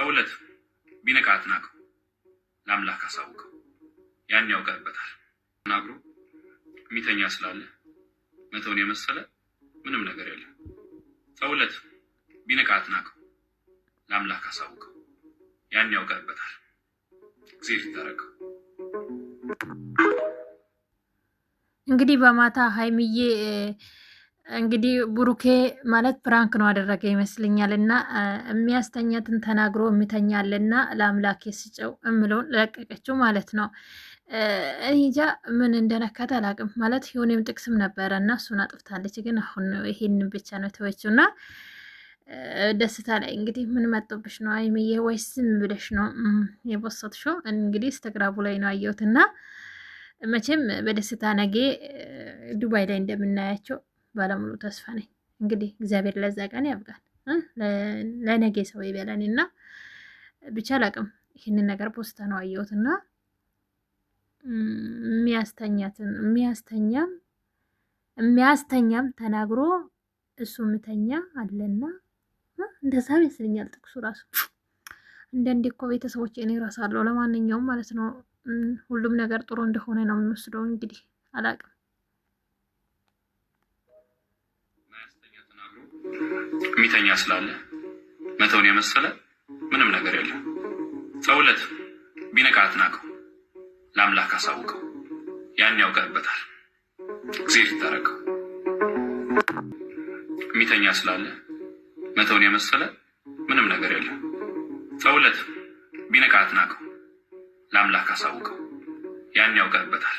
በእውነት ቢነቃ አትናቀው፣ ለአምላክ አሳውቀው፣ ያን ያውቀበታል። ተናግሮ የሚተኛ ስላለ መተውን የመሰለ ምንም ነገር የለም። በእውነት ቢነቃ አትናቀው፣ ለአምላክ አሳውቀው፣ ያን ያውቀበታል። ጊዜ ልታረቀው እንግዲህ በማታ ሀይምዬ። እንግዲህ ቡሩኬ ማለት ፕራንክ ነው አደረገ ይመስለኛል። እና የሚያስተኛትን ተናግሮ የሚተኛል እና ለአምላክ የስጨው የምለውን ለቀቀችው ማለት ነው። እንጃ ምን እንደነካት አላቅም። ማለት የሆኔም ጥቅስም ነበረ እና እሱን አጥፍታለች። ግን አሁን ይሄን ብቻ ነው ተወችው እና ደስታ ላይ እንግዲህ ምን መጦብሽ ነው አይምዬ? ወይስ ዝም ብለሽ ነው የቦሰትሽው? እንግዲህ ስተግራቡ ላይ ነው አየሁት እና መቼም በደስታ ነጌ ዱባይ ላይ እንደምናያቸው ባለሙሉ ተስፋ ነኝ። እንግዲህ እግዚአብሔር ለዛ ቀን ያብቃል፣ ለነገ ሰው ይበለን እና ብቻ አላቅም። ይህንን ነገር ፖስታ ነው አየሁት እና የሚያስተኛትን የሚያስተኛም የሚያስተኛም ተናግሮ እሱ ምተኛ አለና እንደዛ ይመስለኛል ጥቅሱ ራሱ። አንዳንዴ እኮ ቤተሰቦች እኔ ራሳለሁ። ለማንኛውም ማለት ነው ሁሉም ነገር ጥሩ እንደሆነ ነው የምንወስደው። እንግዲህ አላቅም የሚተኛ ስላለ መተውን የመሰለ ምንም ነገር የለም። ሰውለት ቢነቃ አትናቀው፣ ለአምላክ አሳውቀው። ያን ያውቀበታል እግዜር ይታረቀው። የሚተኛ ስላለ መተውን የመሰለ ምንም ነገር የለም። ሰውለት ቢነቃ አትናቀው፣ ለአምላክ አሳውቀው። ያን ያውቀበታል